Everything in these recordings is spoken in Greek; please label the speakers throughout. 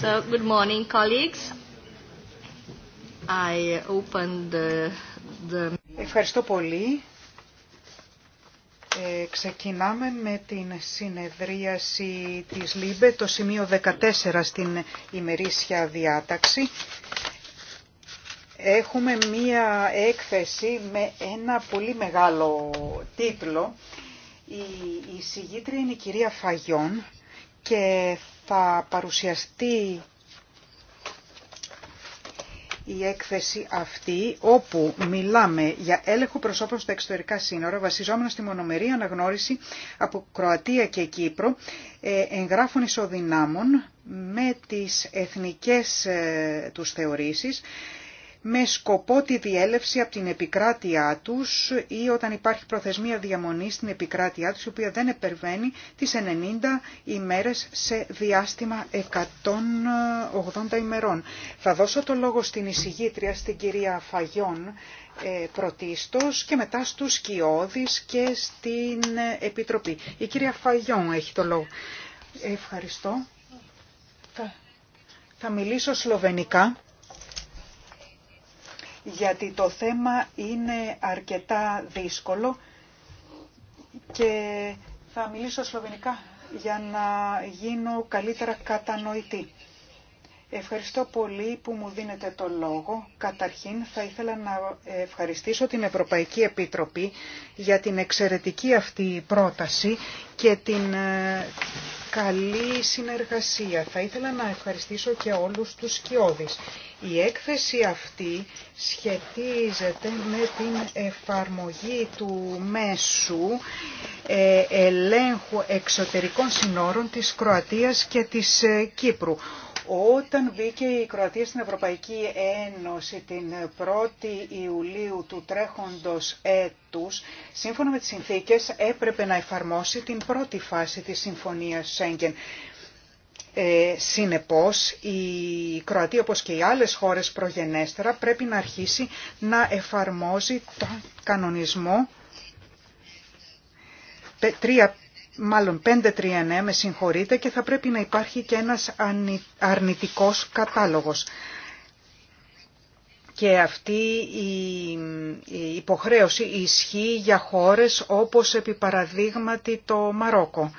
Speaker 1: So, good morning, colleagues.
Speaker 2: I opened the, the... Ευχαριστώ πολύ. Ε, ξεκινάμε με την συνεδρίαση της ΛΥΜΠΕ, το σημείο 14 στην ημερήσια διάταξη. Έχουμε μία έκθεση με ένα πολύ μεγάλο τίτλο. Η, η συγγήτρια είναι η κυρία Φαγιόν και θα παρουσιαστεί η έκθεση αυτή όπου μιλάμε για έλεγχο προσώπων στα εξωτερικά σύνορα βασιζόμενα στη μονομερή αναγνώριση από Κροατία και Κύπρο ε, εγγράφων ισοδυνάμων με τις εθνικές ε, τους θεωρήσεις με σκοπό τη διέλευση από την επικράτειά τους ή όταν υπάρχει προθεσμία διαμονής στην επικράτειά τους, η οποία δεν επερβαίνει τις 90 ημέρες σε διάστημα 180 ημερών. Θα δώσω το λόγο στην εισηγήτρια, στην κυρία Φαγιόν, ε, πρωτίστως και μετά στους Σκιώδης και στην Επιτροπή. Η κυρία Φαγιόν έχει το λόγο. Ευχαριστώ. Θα μιλήσω σλοβενικά γιατί το θέμα είναι αρκετά δύσκολο και θα μιλήσω σλοβενικά για να γίνω καλύτερα κατανοητή. Ευχαριστώ πολύ που μου δίνετε το λόγο. Καταρχήν θα ήθελα να ευχαριστήσω την Ευρωπαϊκή Επιτροπή για την εξαιρετική αυτή πρόταση και την ε, καλή συνεργασία. Θα ήθελα να ευχαριστήσω και όλους τους σκιώδεις. Η έκθεση αυτή σχετίζεται με την εφαρμογή του μέσου ε, ελέγχου εξωτερικών συνόρων της Κροατίας και της ε, Κύπρου όταν μπήκε η Κροατία στην Ευρωπαϊκή Ένωση την 1η Ιουλίου του τρέχοντος έτους, σύμφωνα με τις συνθήκες έπρεπε να εφαρμόσει την πρώτη φάση της Συμφωνίας Σέγγεν. Ε, συνεπώς, η Κροατία, όπως και οι άλλες χώρες προγενέστερα, πρέπει να αρχίσει να εφαρμόζει τον κανονισμό 3 μάλλον 5-3-9 με συγχωρείτε και θα πρέπει να υπάρχει και ένας αρνητικός κατάλογος. Και αυτή η υποχρέωση ισχύει για χώρες όπως επί παραδείγματι το Μαρόκο.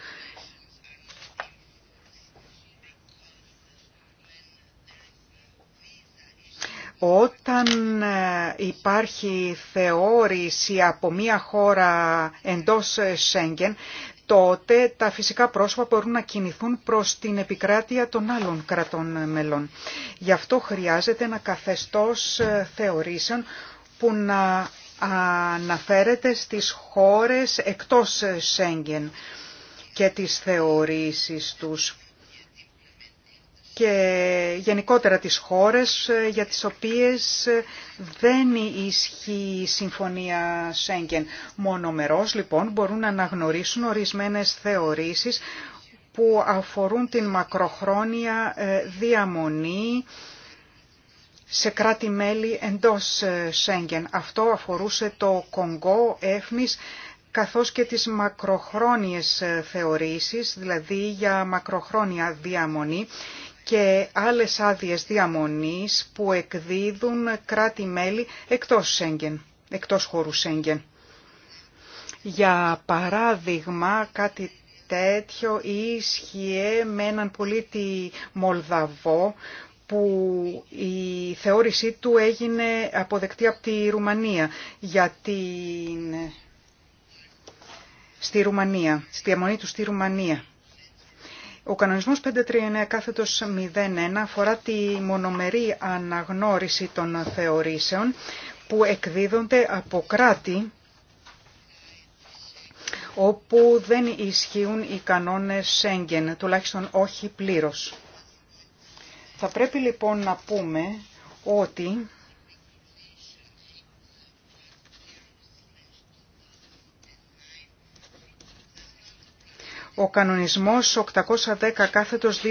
Speaker 2: Όταν ε, υπάρχει θεώρηση από μία χώρα εντός ε, Σέγγεν, τότε τα φυσικά πρόσωπα μπορούν να κινηθούν προς την επικράτεια των άλλων κρατών μελών. Γι' αυτό χρειάζεται ένα καθεστώς ε, θεωρήσεων που να αναφέρεται στις χώρες εκτός Σέγγεν και τις θεωρήσεις τους και γενικότερα τις χώρες ε, για τις οποίες ε, δεν ισχύει η Συμφωνία Σέγγεν. Μονομερός λοιπόν μπορούν να αναγνωρίσουν ορισμένες θεωρήσεις που αφορούν την μακροχρόνια ε, διαμονή σε κράτη-μέλη εντός Σέγγεν. Αυτό αφορούσε το Κονγκό, Έφνης, καθώς και τις μακροχρόνιες θεωρήσεις, δηλαδή για μακροχρόνια διαμονή και άλλες άδειες διαμονής που εκδίδουν κράτη-μέλη εκτός, εκτός χώρου Σέγγεν. Για παράδειγμα, κάτι τέτοιο ίσχυε με έναν πολίτη Μολδαβό που η θεώρησή του έγινε αποδεκτή από τη Ρουμανία για στη Ρουμανία, στη διαμονή του στη Ρουμανία. Ο κανονισμός 539 κάθετος 01 αφορά τη μονομερή αναγνώριση των θεωρήσεων που εκδίδονται από κράτη όπου δεν ισχύουν οι κανόνες Σέγγεν, τουλάχιστον όχι πλήρως. Θα πρέπει λοιπόν να πούμε ότι Ο κανονισμός 810 κάθετος 2009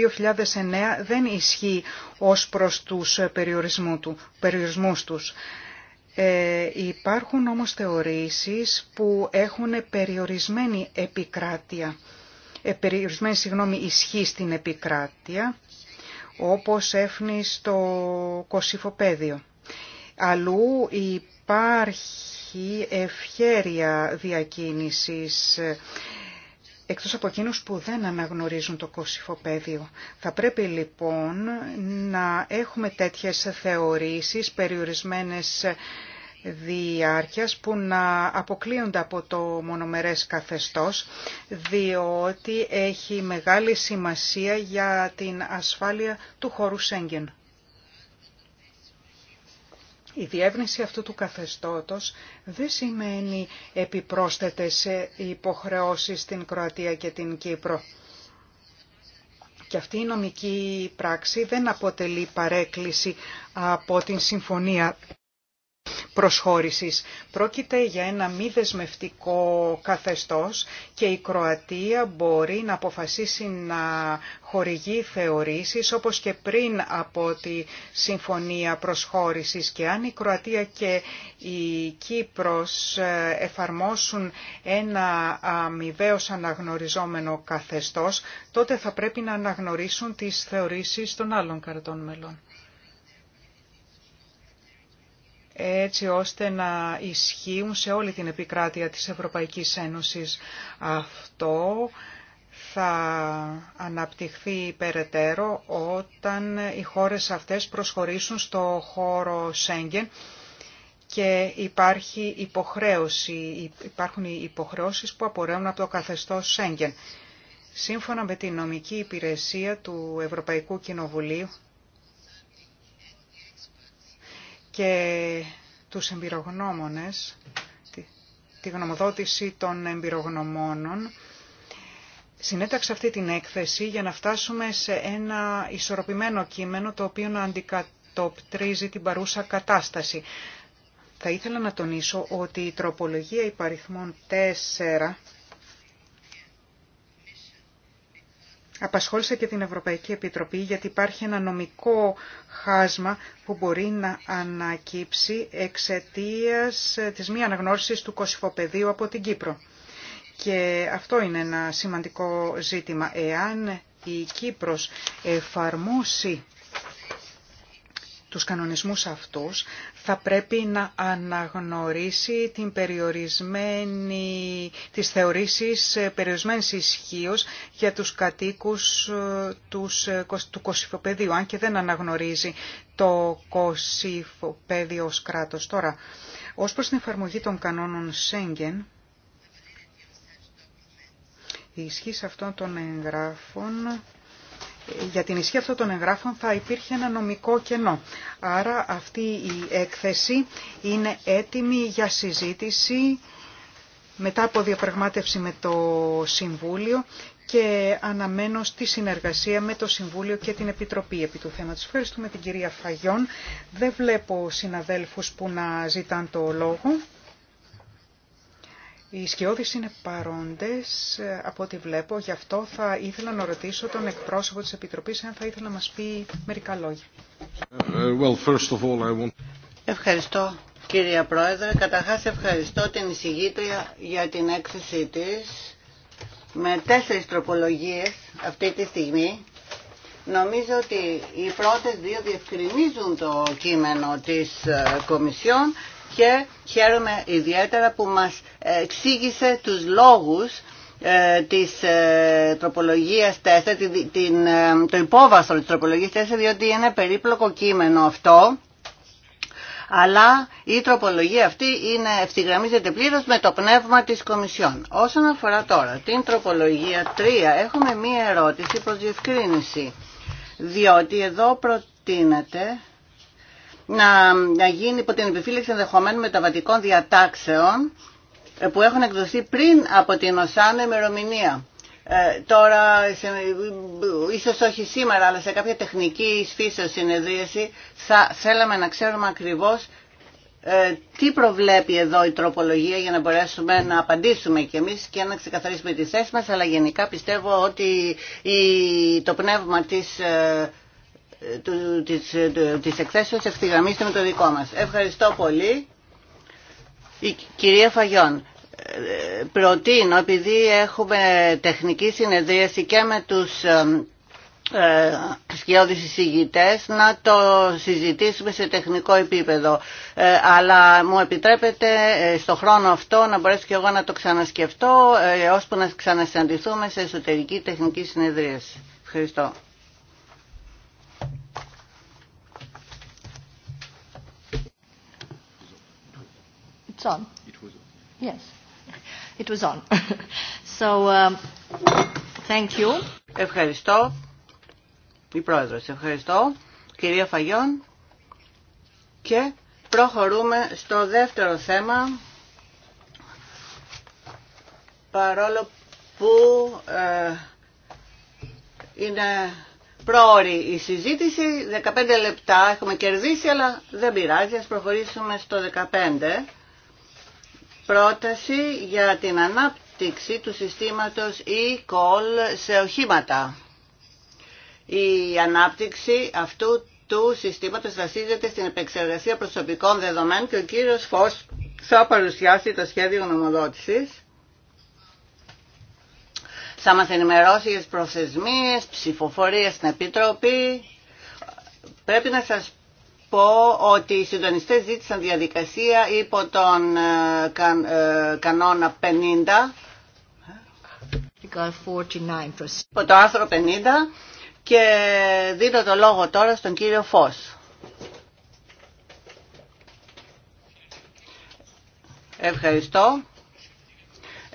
Speaker 2: δεν ισχύει ως προς τους ε, του, περιορισμούς τους. Ε, υπάρχουν όμως θεωρήσεις που έχουν περιορισμένη επικράτεια, ε, περιορισμένη συγγνώμη, ισχύ στην επικράτεια, όπως έφνη στο κοσυφοπέδιο. Αλλού υπάρχει ευχέρεια διακίνησης ε, εκτός από εκείνους που δεν αναγνωρίζουν το κοσυφοπαίδιο. Θα πρέπει λοιπόν να έχουμε τέτοιες θεωρήσεις περιορισμένες διάρκειας που να αποκλείονται από το μονομερές καθεστώς, διότι έχει μεγάλη σημασία για την ασφάλεια του χώρου Σέγγεν. Η διεύνηση αυτού του καθεστώτος δεν σημαίνει επιπρόσθετες υποχρεώσεις στην Κροατία και την Κύπρο. Και αυτή η νομική πράξη δεν αποτελεί παρέκκληση από την Συμφωνία προσχώρησης. Πρόκειται για ένα μη δεσμευτικό καθεστώς και η Κροατία μπορεί να αποφασίσει να χορηγεί θεωρήσεις όπως και πριν από τη Συμφωνία Προσχώρησης και αν η Κροατία και η Κύπρος ε, εφαρμόσουν ένα αμοιβαίως αναγνωριζόμενο καθεστώς, τότε θα πρέπει να αναγνωρίσουν τις θεωρήσεις των άλλων κρατών μελών. έτσι ώστε να ισχύουν σε όλη την επικράτεια της Ευρωπαϊκής Ένωσης. Αυτό θα αναπτυχθεί περαιτέρω όταν οι χώρες αυτές προσχωρήσουν στο χώρο Σέγγεν και υπάρχει υποχρέωση, υπάρχουν οι υποχρεώσεις που απορρέουν από το καθεστώς Σέγγεν. Σύμφωνα με την νομική υπηρεσία του Ευρωπαϊκού Κοινοβουλίου, και τους εμπειρογνώμονες, τη, γνωμοδότηση των εμπειρογνωμόνων, συνέταξα αυτή την έκθεση για να φτάσουμε σε ένα ισορροπημένο κείμενο το οποίο να αντικατοπτρίζει την παρούσα κατάσταση. Θα ήθελα να τονίσω ότι η τροπολογία υπαριθμών 4 απασχόλησε και την Ευρωπαϊκή Επιτροπή γιατί υπάρχει ένα νομικό χάσμα που μπορεί να ανακύψει εξαιτίας ε, της μη αναγνώρισης του κοσυφοπεδίου από την Κύπρο. Και αυτό είναι ένα σημαντικό ζήτημα. Εάν η Κύπρος εφαρμόσει τους κανονισμούς αυτούς θα πρέπει να αναγνωρίσει την περιορισμένη, τις θεωρήσεις ε, περιορισμένης ισχύω για τους κατοίκους ε, ε, του Κωσυφοπεδίου, αν και δεν αναγνωρίζει το Κωσυφοπέδιο ως κράτος. Τώρα, ως προς την εφαρμογή των κανόνων Σέγγεν, η ισχύ αυτών των εγγράφων για την ισχύ αυτών των εγγράφων θα υπήρχε ένα νομικό κενό. Άρα αυτή η έκθεση είναι έτοιμη για συζήτηση μετά από διαπραγμάτευση με το Συμβούλιο και αναμένω στη συνεργασία με το Συμβούλιο και την Επιτροπή επί του θέματος. Ευχαριστούμε την κυρία Φαγιόν. Δεν βλέπω συναδέλφους που να ζητάν το λόγο. Οι σκιώδεις είναι παρόντες από ό,τι βλέπω, γι' αυτό θα ήθελα να ρωτήσω τον εκπρόσωπο της Επιτροπής αν θα ήθελα να μας πει μερικά λόγια. Ε, ευχαριστώ
Speaker 1: κύριε Πρόεδρε. Καταρχάς ευχαριστώ την εισηγήτρια για την έκθεσή της με τέσσερις τροπολογίες αυτή τη στιγμή. Νομίζω ότι οι πρώτες δύο διευκρινίζουν το κείμενο της ε, Κομισιόν και χαίρομαι ιδιαίτερα που μας εξήγησε τους λόγους ε, της ε, τροπολογίας 4, την, ε, το υπόβαθρο της τροπολογίας 4, διότι είναι περίπλοκο κείμενο αυτό, αλλά η τροπολογία αυτή είναι, ευθυγραμμίζεται πλήρως με το πνεύμα της Κομισιόν. Όσον αφορά τώρα την τροπολογία 3, έχουμε μία ερώτηση προς διευκρίνηση, διότι εδώ προτείνεται να, να γίνει υπό την επιφύλαξη ενδεχομένων μεταβατικών διατάξεων ε, που έχουν εκδοθεί πριν από την ΟΣΑΝΕ ημερομηνία. Ε, τώρα, σε, ίσως όχι σήμερα, αλλά σε κάποια τεχνική σφίσεω συνεδρίαση θα θέλαμε να ξέρουμε ακριβώς ε, τι προβλέπει εδώ η τροπολογία για να μπορέσουμε να απαντήσουμε κι εμείς και να ξεκαθαρίσουμε τη θέση μας, αλλά γενικά πιστεύω ότι η, το πνεύμα της ε, της, της εκθέσεως ευθυγραμμίστε με το δικό μας. Ευχαριστώ πολύ. Η κυρία Φαγιόν, ε, προτείνω, επειδή έχουμε τεχνική συνεδρίαση και με τους ε, ε, σκιώδεις εισηγητές να το συζητήσουμε σε τεχνικό επίπεδο αλλά μου επιτρέπετε στο χρόνο αυτό να μπορέσω και εγώ να το ξανασκεφτώ ώσπου να ξανασυναντηθούμε σε εσωτερική τεχνική συνεδρίαση. Ευχαριστώ. Ευχαριστώ. Η πρόεδρος, ευχαριστώ. Κυρία Φαγιόν. Και προχωρούμε στο δεύτερο θέμα. Παρόλο που ε, είναι πρόωρη η συζήτηση, 15 λεπτά έχουμε κερδίσει, αλλά δεν πειράζει, ας προχωρήσουμε στο 15 πρόταση για την ανάπτυξη του συστήματος e-call σε οχήματα. Η ανάπτυξη αυτού του συστήματος βασίζεται στην επεξεργασία προσωπικών δεδομένων και ο κύριος Φως θα παρουσιάσει το σχέδιο νομοδότησης. Θα μας ενημερώσει για τις ψηφοφορίες στην Επιτροπή. Πρέπει να σας πω ότι οι συντονιστέ ζήτησαν διαδικασία υπό τον ε, ε, κανόνα 50 υπό το άρθρο 50 και δίνω το λόγο τώρα στον κύριο Φως. Ευχαριστώ.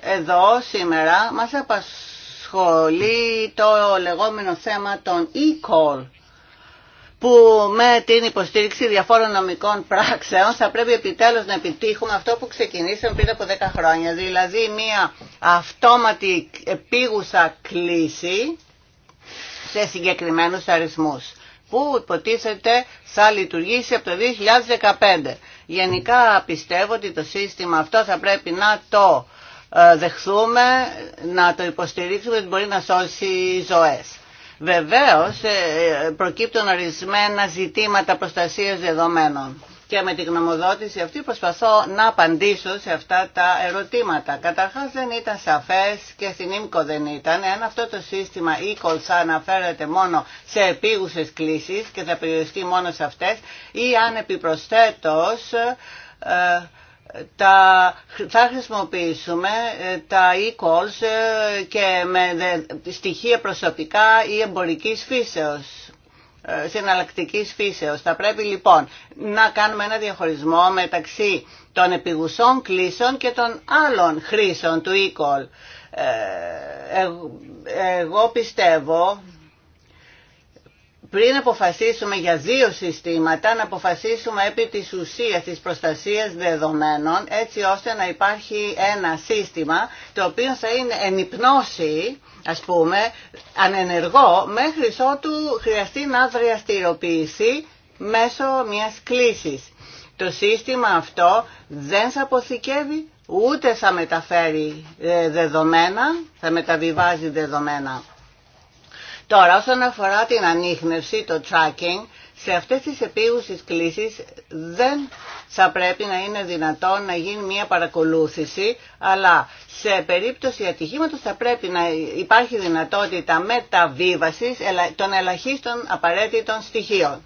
Speaker 1: Εδώ σήμερα μας απασχολεί το λεγόμενο θέμα των e-call που με την υποστήριξη διαφόρων νομικών πράξεων θα πρέπει επιτέλους να επιτύχουμε αυτό που ξεκινήσαμε πριν από 10 χρόνια, δηλαδή μια αυτόματη επίγουσα κλίση σε συγκεκριμένους αριθμούς που υποτίθεται θα λειτουργήσει από το 2015. Γενικά πιστεύω ότι το σύστημα αυτό θα πρέπει να το ε, δεχθούμε, να το υποστηρίξουμε, ότι μπορεί να σώσει ζωές. Βεβαίως ε, προκύπτουν ορισμένα ζητήματα προστασίας δεδομένων και με την γνωμοδότηση αυτή προσπαθώ να απαντήσω σε αυτά τα ερωτήματα. Καταρχάς δεν ήταν σαφές και στην δεν ήταν. Εάν αυτό το σύστημα ή κολσά αναφέρεται μόνο σε επίγουσες κλήσεις και θα περιοριστεί μόνο σε αυτές ή αν επιπροσθέτως... Ε, τα, θα χρησιμοποιήσουμε ε, τα e-calls ε, και με στοιχεία προσωπικά ή εμπορικής φύσεως ε, συναλλακτικής φύσεως. Θα πρέπει λοιπόν να κάνουμε ένα διαχωρισμό μεταξύ των επιγουσών κλήσεων και των άλλων χρήσεων του e-call. εγώ πιστεύω πριν αποφασίσουμε για δύο συστήματα, να αποφασίσουμε επί της ουσίας της προστασίας δεδομένων, έτσι ώστε να υπάρχει ένα σύστημα το οποίο θα είναι ενυπνώσει, ας πούμε, ανενεργό, μέχρι ότου χρειαστεί να δραστηριοποιηθεί μέσω μιας κλήσης. Το σύστημα αυτό δεν θα αποθηκεύει, ούτε θα μεταφέρει ε, δεδομένα, θα μεταβιβάζει δεδομένα. Τώρα, όσον αφορά την ανείχνευση, το tracking, σε αυτές τις επίγουσες κλήσεις δεν θα πρέπει να είναι δυνατόν να γίνει μια παρακολούθηση, αλλά σε περίπτωση ατυχήματος θα πρέπει να υπάρχει δυνατότητα μεταβίβασης των ελαχίστων απαραίτητων στοιχείων.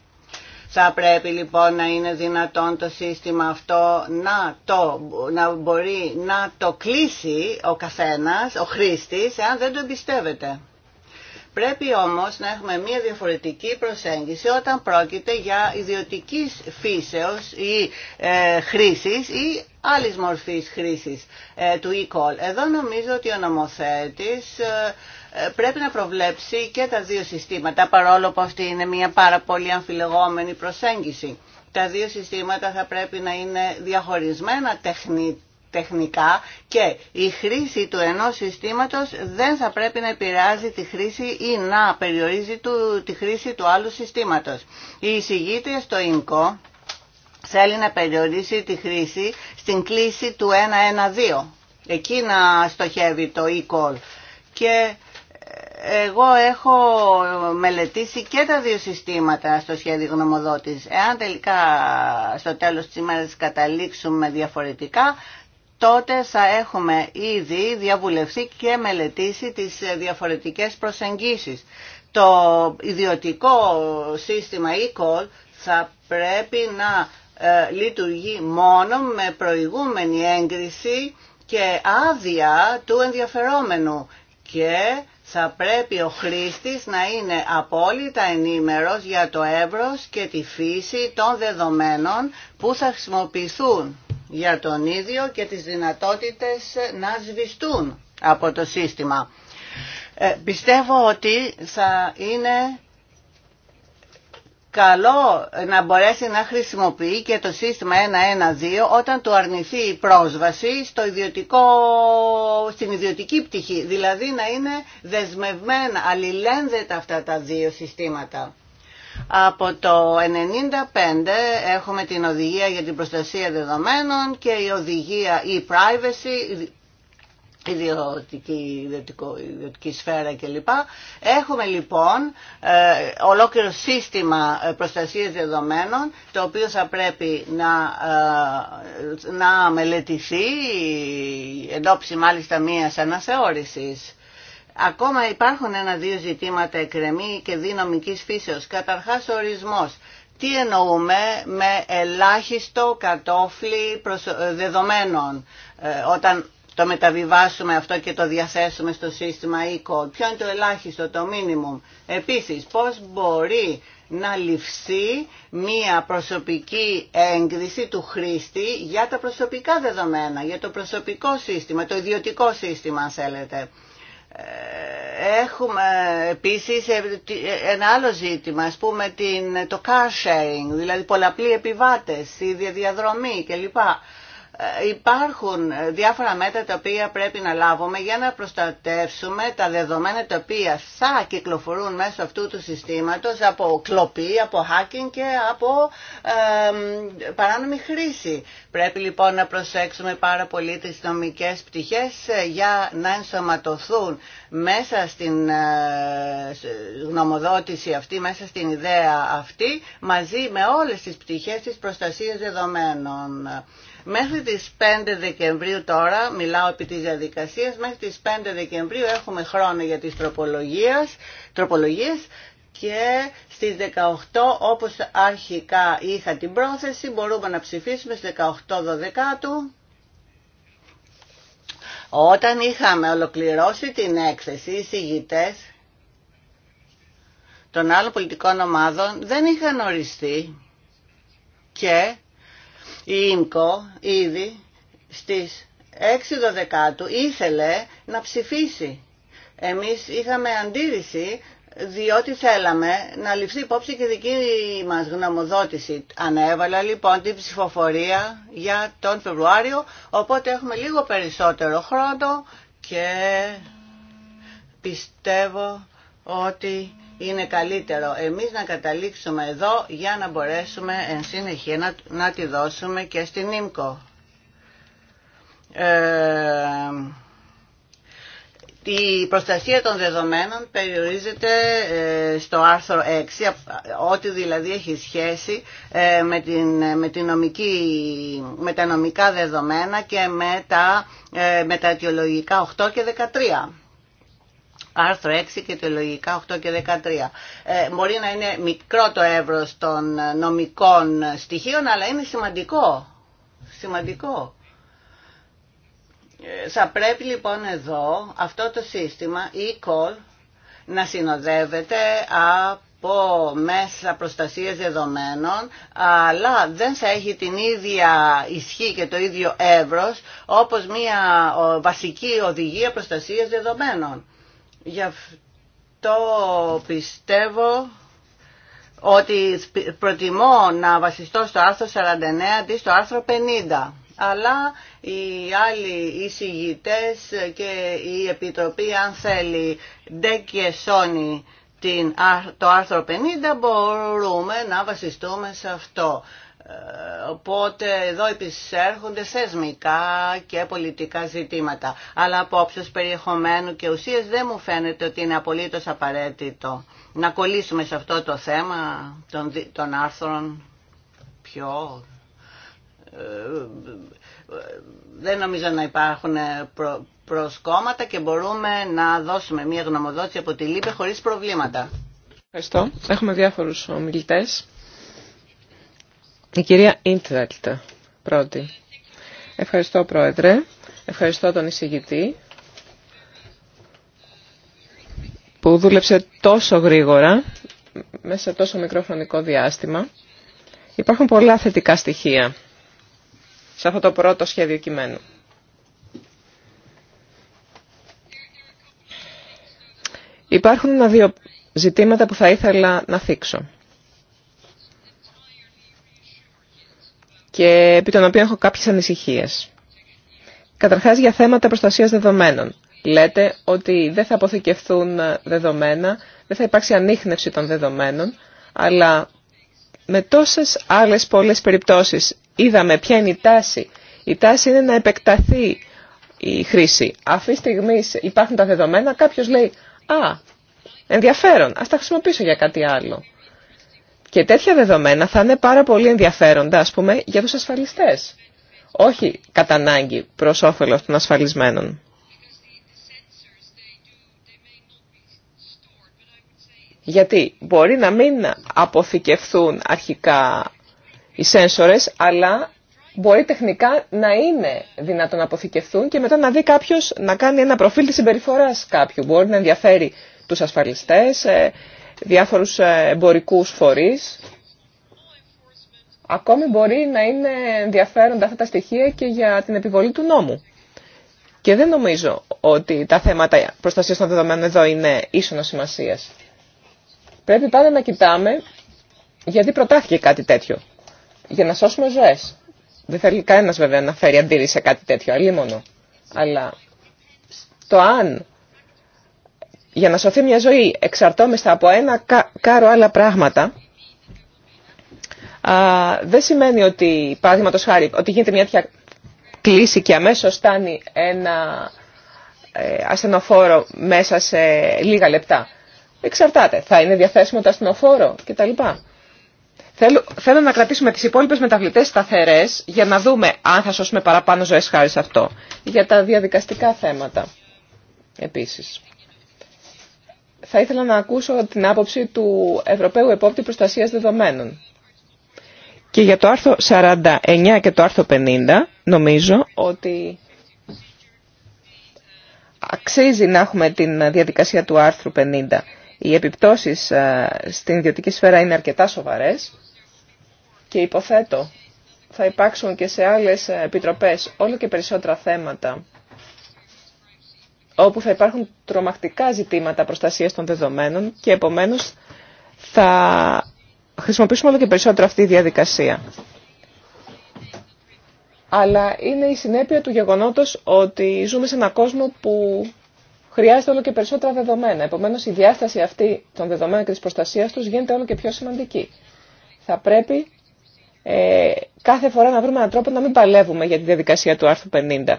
Speaker 1: Θα πρέπει λοιπόν να είναι δυνατόν το σύστημα αυτό να, το, να μπορεί να το κλείσει ο καθένας, ο χρήστης, εάν δεν το εμπιστεύεται. Πρέπει όμως να έχουμε μια διαφορετική προσέγγιση όταν πρόκειται για ιδιωτικής φύσεως ή ε, χρήσης ή άλλης μορφής χρήσης ε, του e-call. Εδώ νομίζω ότι ο νομοθέτης ε, ε, πρέπει να προβλέψει και τα δύο συστήματα παρόλο που αυτή είναι μια πάρα πολύ αμφιλεγόμενη προσέγγιση. Τα δύο συστήματα θα πρέπει να είναι διαχωρισμένα τεχνητά τεχνικά και η χρήση του ενός συστήματος δεν θα πρέπει να επηρεάζει τη χρήση ή να περιορίζει τη χρήση του άλλου συστήματος. Η εισηγήτρια στο ΙΝΚΟ θέλει να περιορίσει τη χρήση στην κλίση του 112. Εκεί να στοχεύει το e-call. Και ε, εγώ έχω μελετήσει και τα δύο συστήματα στο σχέδιο γνωμοδότης. Εάν τελικά στο τέλος της ημέρας καταλήξουμε διαφορετικά, τότε θα έχουμε ήδη διαβουλευτεί και μελετήσει τις διαφορετικές προσεγγίσεις. Το ιδιωτικό σύστημα e-call θα πρέπει να ε, λειτουργεί μόνο με προηγούμενη έγκριση και άδεια του ενδιαφερόμενου και θα πρέπει ο χρήστης να είναι απόλυτα ενήμερος για το έβρος και τη φύση των δεδομένων που θα χρησιμοποιηθούν για τον ίδιο και τις δυνατότητες να σβηστούν από το σύστημα. Ε, πιστεύω ότι θα είναι καλό να μπορέσει να χρησιμοποιεί και το σύστημα 112 όταν του αρνηθεί η πρόσβαση στο ιδιωτικό, στην ιδιωτική πτυχή. Δηλαδή να είναι δεσμευμένα, αλληλένδετα αυτά τα δύο συστήματα. Από το 1995 έχουμε την οδηγία για την προστασία δεδομένων και η οδηγία e-privacy, ιδιωτική, ιδιωτική σφαίρα κλπ. Έχουμε λοιπόν ε, ολόκληρο σύστημα ε, προστασίας δεδομένων το οποίο θα πρέπει να, ε, να μελετηθεί εν μάλιστα μίας αναθεώρησης. Ακόμα υπάρχουν ένα-δύο ζητήματα εκκρεμή και δυναμικής φύσεως. Καταρχάς ο ορισμός. Τι εννοούμε με ελάχιστο κατόφλι ε, δεδομένων ε, όταν το μεταβιβάσουμε αυτό και το διαθέσουμε στο συστημα ECO. Ποιο είναι το ελάχιστο, το minimum. Επίσης, πώς μπορεί να ληφθεί μία προσωπική έγκριση του χρήστη για τα προσωπικά δεδομένα, για το προσωπικό σύστημα, το ιδιωτικό σύστημα αν θέλετε. Ε, έχουμε επίσης ε, ε, ένα άλλο ζήτημα, ας πούμε το car sharing, δηλαδή πολλαπλοί επιβάτες, η διαδρομή κλπ υπάρχουν διάφορα μέτρα τα οποία πρέπει να λάβουμε για να προστατεύσουμε τα δεδομένα τα οποία θα κυκλοφορούν μέσω αυτού του συστήματος από κλοπή, από hacking και από παράνομη χρήση. Πρέπει λοιπόν να προσέξουμε πάρα πολύ τις νομικές πτυχές ε, για να ενσωματωθούν μέσα στην ε, γνωμοδότηση αυτή, μέσα στην ιδέα αυτή, μαζί με όλες τις πτυχές της προστασίας δεδομένων. Μέχρι τις 5 Δεκεμβρίου τώρα, μιλάω επί της διαδικασίας, μέχρι τις 5 Δεκεμβρίου έχουμε χρόνο για τις τροπολογίες, και στις 18 όπως αρχικά είχα την πρόθεση μπορούμε να ψηφίσουμε στις 18 12 όταν είχαμε ολοκληρώσει την έκθεση, οι συγητές των άλλων πολιτικών ομάδων δεν είχαν οριστεί και η ΙΜΚΟ ήδη στις 6 ήθελε να ψηφίσει. Εμείς είχαμε αντίρρηση διότι θέλαμε να ληφθεί υπόψη και δική μας γνωμοδότηση. Ανέβαλα λοιπόν την ψηφοφορία για τον Φεβρουάριο, οπότε έχουμε λίγο περισσότερο χρόνο και πιστεύω ότι είναι καλύτερο εμείς να καταλήξουμε εδώ για να μπορέσουμε εν συνεχεία να, τη δώσουμε και στην ΙΜΚΟ. Ε, η προστασία των δεδομένων περιορίζεται ε, στο άρθρο 6, ό,τι δηλαδή έχει σχέση ε, με, την, με, νομική, με τα νομικά δεδομένα και με τα, ε, με τα αιτιολογικά 8 και 13 άρθρο 6 και το λογικά 8 και 13. Ε, μπορεί να είναι μικρό το εύρος των νομικών στοιχείων, αλλά είναι σημαντικό. Σημαντικό. Ε, θα πρέπει λοιπόν εδώ αυτό το σύστημα e-call να συνοδεύεται από από μέσα προστασίας δεδομένων, αλλά δεν θα έχει την ίδια ισχύ και το ίδιο εύρος όπως μια βασική οδηγία προστασίας δεδομένων. Γι' αυτό πιστεύω ότι προτιμώ να βασιστώ στο άρθρο 49 αντί στο άρθρο 50. Αλλά οι άλλοι εισηγητές και η Επιτροπή, αν θέλει, ντε και σώνει το άρθρο 50, μπορούμε να βασιστούμε σε αυτό. Οπότε εδώ επισέρχονται θεσμικά και πολιτικά ζητήματα. Αλλά απόψε περιεχομένου και ουσίες δεν μου φαίνεται ότι είναι απολύτως απαραίτητο να κολλήσουμε σε αυτό το θέμα των, άρθρων πιο... Ε, δεν νομίζω να υπάρχουν ε, προ, προσκόμματα και μπορούμε να δώσουμε μια γνωμοδότηση από τη ΛΥΠΕ χωρίς προβλήματα.
Speaker 3: Ευχαριστώ. Έχουμε διάφορους ομιλητές. Η κυρία Ιντβέλτ, πρώτη. Ευχαριστώ, Πρόεδρε. Ευχαριστώ τον εισηγητή που δούλεψε τόσο γρήγορα, μέσα σε τόσο μικρό χρονικό διάστημα. Υπάρχουν πολλά θετικά στοιχεία σε αυτό το πρώτο σχέδιο κειμένου. Υπάρχουν ένα-δύο ζητήματα που θα ήθελα να θίξω. και επί των οποίων έχω κάποιες ανησυχίες. Καταρχάς για θέματα προστασίας δεδομένων. Λέτε ότι δεν θα αποθηκευθούν δεδομένα, δεν θα υπάρξει ανείχνευση των δεδομένων, αλλά με τόσες άλλες πολλές περιπτώσεις είδαμε ποια είναι η τάση. Η τάση είναι να επεκταθεί η χρήση. Αυτή τη στιγμή υπάρχουν τα δεδομένα, κάποιος λέει «Α, ενδιαφέρον, ας τα χρησιμοποιήσω για κάτι άλλο». Και τέτοια δεδομένα θα είναι πάρα πολύ ενδιαφέροντα, ας πούμε, για τους ασφαλιστές. Όχι κατά ανάγκη προς όφελος των ασφαλισμένων. Γιατί μπορεί να μην αποθηκευθούν αρχικά οι σένσορες, αλλά μπορεί τεχνικά να είναι δυνατόν να αποθηκευθούν και μετά να δει κάποιος να κάνει ένα προφίλ της συμπεριφοράς κάποιου. Μπορεί να ενδιαφέρει τους ασφαλιστές, ε, διάφορους ε, εμπορικούς φορείς. Ακόμη μπορεί να είναι ενδιαφέροντα αυτά τα στοιχεία και για την επιβολή του νόμου. Και δεν νομίζω ότι τα θέματα προστασίας των δεδομένων εδώ είναι ίσονο σημασία. Πρέπει πάντα να κοιτάμε γιατί προτάθηκε κάτι τέτοιο. Για να σώσουμε ζωές. Δεν θέλει κανένα βέβαια να φέρει αντίρρηση σε κάτι τέτοιο, αλλή Αλλά το αν για να σωθεί μια ζωή εξαρτώμεστα από ένα κάρο άλλα πράγματα, δεν σημαίνει ότι, παραδείγματος χάρη, ότι γίνεται μια τέτοια κλίση και αμέσως στάνει ένα ε, ασθενοφόρο μέσα σε λίγα λεπτά. Εξαρτάται. Θα είναι διαθέσιμο το ασθενοφόρο κτλ. Θέλω, θέλω να κρατήσουμε τις υπόλοιπες μεταβλητές σταθερές για να δούμε αν θα σώσουμε παραπάνω ζωές χάρη σε αυτό. Για τα διαδικαστικά θέματα επίσης θα ήθελα να ακούσω την άποψη του Ευρωπαίου Επόπτη Προστασίας Δεδομένων. Και για το άρθρο 49 και το άρθρο 50 νομίζω ότι αξίζει να έχουμε την διαδικασία του άρθρου 50. Οι επιπτώσεις ε, στην ιδιωτική σφαίρα είναι αρκετά σοβαρές και υποθέτω θα υπάρξουν και σε άλλες επιτροπές όλο και περισσότερα θέματα όπου θα υπάρχουν τρομακτικά ζητήματα προστασίας των δεδομένων και επομένως θα χρησιμοποιήσουμε όλο και περισσότερο αυτή τη διαδικασία. Αλλά είναι η συνέπεια του γεγονότος ότι ζούμε σε έναν κόσμο που χρειάζεται όλο και περισσότερα δεδομένα. Επομένως η διάσταση αυτή των δεδομένων και της προστασίας τους γίνεται όλο και πιο σημαντική. Θα πρέπει ε, κάθε φορά να βρούμε έναν τρόπο να μην παλεύουμε για τη διαδικασία του άρθρου 50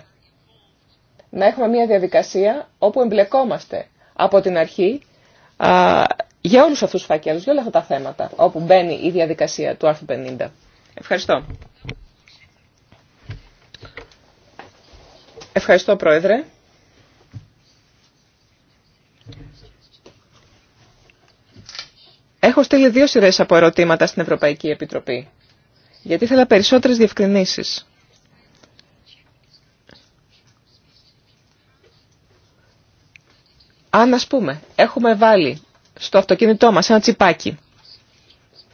Speaker 3: να έχουμε μια διαδικασία όπου εμπλεκόμαστε από την αρχή α, για όλους αυτούς τους φακέλους, για όλα αυτά τα θέματα, όπου μπαίνει η διαδικασία του άρθρου 50. Ευχαριστώ. Ευχαριστώ, Πρόεδρε. Έχω στείλει δύο σειρές από ερωτήματα στην Ευρωπαϊκή Επιτροπή, γιατί ήθελα περισσότερες διευκρινήσεις. Αν, ας πούμε, έχουμε βάλει στο αυτοκίνητό μας ένα τσιπάκι,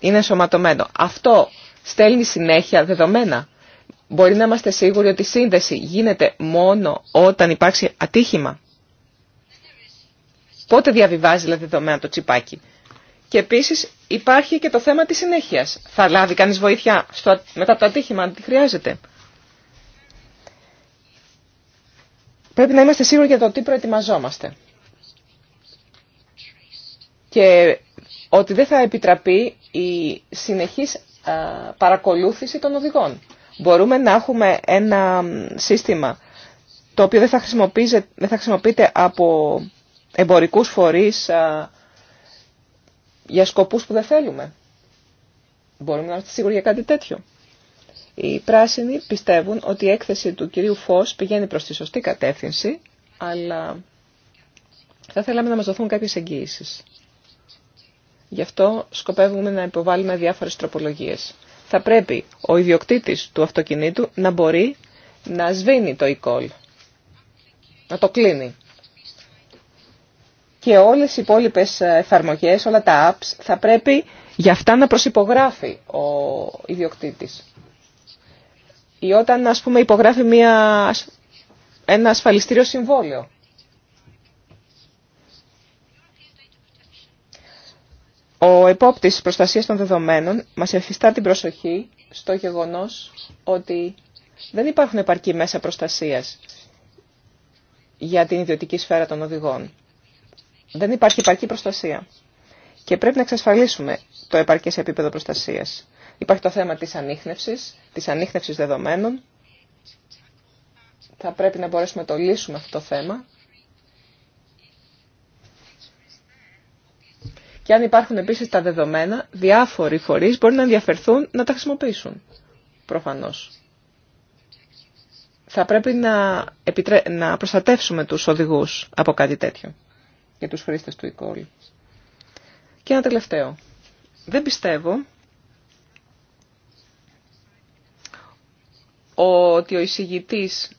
Speaker 3: είναι ενσωματωμένο, αυτό στέλνει συνέχεια δεδομένα. Μπορεί να είμαστε σίγουροι ότι η σύνδεση γίνεται μόνο όταν υπάρξει ατύχημα. Πότε διαβιβάζει δηλαδή, δεδομένα το τσιπάκι. Και επίσης υπάρχει και το θέμα της συνέχειας. Θα λάβει κανείς βοήθεια στο, μετά το ατύχημα αν τη χρειάζεται. Πρέπει να είμαστε σίγουροι για το τι προετοιμαζόμαστε και ότι δεν θα επιτραπεί η συνεχής παρακολούθηση των οδηγών. Μπορούμε να έχουμε ένα σύστημα το οποίο δεν θα, χρησιμοποιείται από εμπορικούς φορείς για σκοπούς που δεν θέλουμε. Μπορούμε να είμαστε σίγουροι για κάτι τέτοιο. Οι πράσινοι πιστεύουν ότι η έκθεση του κυρίου Φως πηγαίνει προς τη σωστή κατεύθυνση, αλλά θα θέλαμε να μας δοθούν κάποιες εγγύησεις. Γι' αυτό σκοπεύουμε να υποβάλουμε διάφορες τροπολογίες. Θα πρέπει ο ιδιοκτήτης του αυτοκινήτου να μπορεί να σβήνει το e-call, να το κλείνει. Και όλες οι υπόλοιπες εφαρμογές, όλα τα apps, θα πρέπει για αυτά να προσυπογράφει ο ιδιοκτήτης. Ή όταν, ας πούμε, υπογράφει μια, ένα ασφαλιστήριο συμβόλαιο. Ο επόπτης προστασίας των δεδομένων μας εφιστά την προσοχή στο γεγονός ότι δεν υπάρχουν επαρκή μέσα προστασίας για την ιδιωτική σφαίρα των οδηγών. Δεν υπάρχει επαρκή προστασία. Και πρέπει να εξασφαλίσουμε το επαρκές επίπεδο προστασίας. Υπάρχει το θέμα της ανείχνευση, της ανείχνευση δεδομένων. Θα πρέπει να μπορέσουμε να το λύσουμε αυτό το θέμα και αν υπάρχουν επίσης τα δεδομένα, διάφοροι φορείς μπορεί να ενδιαφερθούν να τα χρησιμοποιήσουν, προφανώς. Θα πρέπει να, να προστατεύσουμε τους οδηγούς από κάτι τέτοιο για τους χρήστες του e-call. Και ένα τελευταίο. Δεν πιστεύω ότι ο εισηγητής